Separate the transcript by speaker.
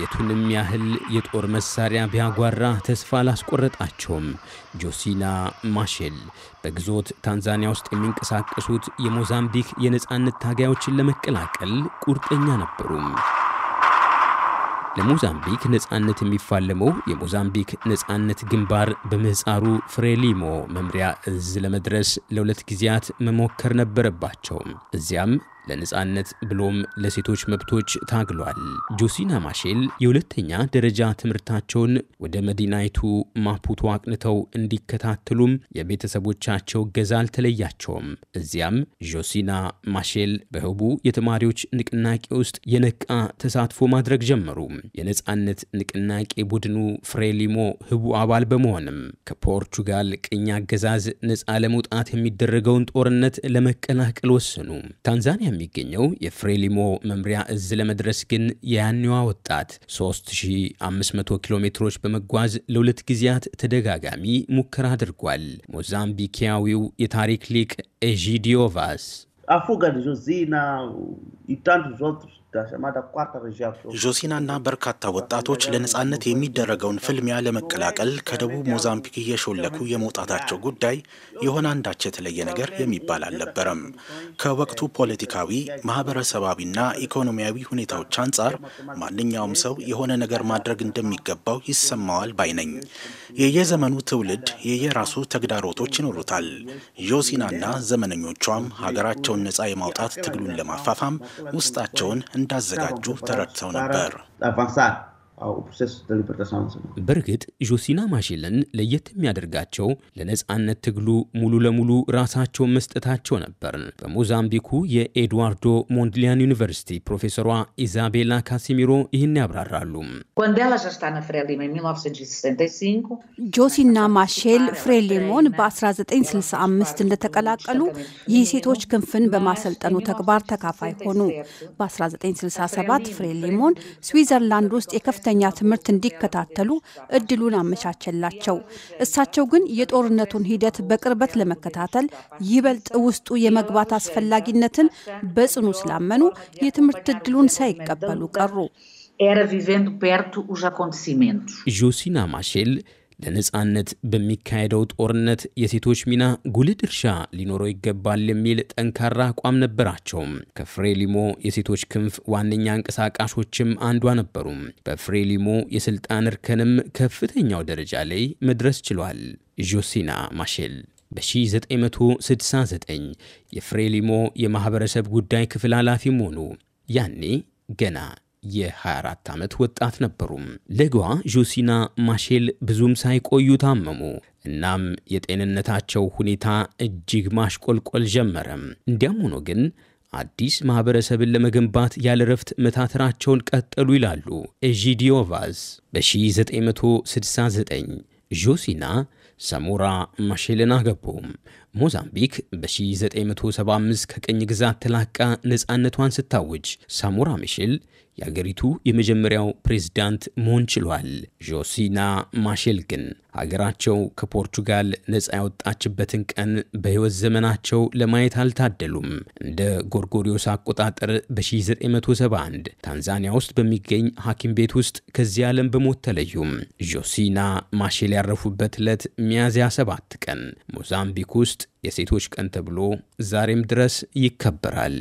Speaker 1: የቱንም ያህል የጦር መሳሪያ ቢያጓራ ተስፋ አላስቆረጣቸውም። ጆሲና ማሼል በግዞት ታንዛኒያ ውስጥ የሚንቀሳቀሱት የሞዛምቢክ የነፃነት ታጋዮችን ለመቀላቀል ቁርጠኛ ነበሩ። ለሞዛምቢክ ነፃነት የሚፋለመው የሞዛምቢክ ነፃነት ግንባር በምህፃሩ ፍሬሊሞ መምሪያ እዝ ለመድረስ ለሁለት ጊዜያት መሞከር ነበረባቸው። እዚያም ለነጻነት ብሎም ለሴቶች መብቶች ታግሏል። ጆሲና ማሼል የሁለተኛ ደረጃ ትምህርታቸውን ወደ መዲናይቱ ማፑቶ አቅንተው እንዲከታተሉም የቤተሰቦቻቸው ገዛ አልተለያቸውም። እዚያም ጆሲና ማሼል በህቡ የተማሪዎች ንቅናቄ ውስጥ የነቃ ተሳትፎ ማድረግ ጀመሩ። የነጻነት ንቅናቄ ቡድኑ ፍሬሊሞ ህቡ አባል በመሆንም ከፖርቹጋል ቅኝ አገዛዝ ነፃ ለመውጣት የሚደረገውን ጦርነት ለመቀላቀል ወሰኑ። ታንዛኒያ ከሚገኘው የፍሬሊሞ መምሪያ እዝ ለመድረስ ግን የያኔዋ ወጣት 3500 ኪሎ ሜትሮች በመጓዝ ለሁለት ጊዜያት ተደጋጋሚ ሙከራ አድርጓል። ሞዛምቢኪያዊው የታሪክ ሊቅ ኤዢዲዮቫስ አፉ ጋዲዞ ዜና ጆሲናና በርካታ ወጣቶች ለነጻነት የሚደረገውን ፍልሚያ ለመቀላቀል ከደቡብ ሞዛምቢክ እየሾለኩ የመውጣታቸው ጉዳይ የሆነ አንዳች የተለየ ነገር የሚባል አልነበረም። ከወቅቱ ፖለቲካዊ፣ ማህበረሰባዊና ኢኮኖሚያዊ ሁኔታዎች አንጻር ማንኛውም ሰው የሆነ ነገር ማድረግ እንደሚገባው ይሰማዋል ባይ ነኝ። የየዘመኑ ትውልድ የየራሱ ተግዳሮቶች ይኖሩታል። ጆሲናና ዘመነኞቿም ሀገራቸውን ነጻ የማውጣት ትግሉን ለማፋፋም ውስጣቸውን እንዳዘጋጁ ተረድተው ነበር። በእርግጥ ጆሲና ማሽለን ለየት የሚያደርጋቸው ለነጻነት ትግሉ ሙሉ ለሙሉ ራሳቸው መስጠታቸው ነበር። በሞዛምቢኩ የኤድዋርዶ ሞንድሊያን ዩኒቨርሲቲ ፕሮፌሰሯ ኢዛቤላ ካሲሚሮ ይህን ያብራራሉ። ጆሲና ማሼል ፍሬሊሞን በ1965 እንደተቀላቀሉ ይህ ሴቶች ክንፍን በማሰልጠኑ ተግባር ተካፋይ ሆኑ። በ1967 ፍሬሊሞን ስዊዘርላንድ ውስጥ የከፍተ ከፍተኛ ትምህርት እንዲከታተሉ እድሉን አመቻቸላቸው። እሳቸው ግን የጦርነቱን ሂደት በቅርበት ለመከታተል ይበልጥ ውስጡ የመግባት አስፈላጊነትን በጽኑ ስላመኑ የትምህርት እድሉን ሳይቀበሉ ቀሩ። ጆሲና ማሼል ለነጻነት በሚካሄደው ጦርነት የሴቶች ሚና ጉልህ ድርሻ ሊኖረው ይገባል የሚል ጠንካራ አቋም ነበራቸው። ከፍሬሊሞ የሴቶች ክንፍ ዋነኛ እንቀሳቃሾችም አንዷ ነበሩ። በፍሬሊሞ የስልጣን እርከንም ከፍተኛው ደረጃ ላይ መድረስ ችሏል። ጆሲና ማሼል በ1969 የፍሬሊሞ የማኅበረሰብ ጉዳይ ክፍል ኃላፊም ሆኑ። ያኔ ገና የ24 ዓመት ወጣት ነበሩም። ሌጓ ጆሲና ማሼል ብዙም ሳይቆዩ ታመሙ። እናም የጤንነታቸው ሁኔታ እጅግ ማሽቆልቆል ጀመረም። እንዲያም ሆኖ ግን አዲስ ማህበረሰብን ለመገንባት ያለ ረፍት መታተራቸውን ቀጠሉ ይላሉ ኤዢዲዮቫዝ። በ1969 ዦሲና ሰሞራ ማሼልን አገቡ። ሞዛምቢክ በ1975 ከቅኝ ግዛት ተላቃ ነፃነቷን ስታውጅ ሳሞራ ሚሼል የአገሪቱ የመጀመሪያው ፕሬዝዳንት መሆን ችሏል። ጆሲና ማሼል ግን ሀገራቸው ከፖርቹጋል ነፃ ያወጣችበትን ቀን በሕይወት ዘመናቸው ለማየት አልታደሉም። እንደ ጎርጎሪዮስ አቆጣጠር በ1971 ታንዛኒያ ውስጥ በሚገኝ ሐኪም ቤት ውስጥ ከዚህ ዓለም በሞት ተለዩም። ጆሲና ማሼል ያረፉበት ዕለት ሚያዝያ 7 ቀን ሞዛምቢክ ውስጥ የሴቶች ቀን ተብሎ ዛሬም ድረስ ይከበራል።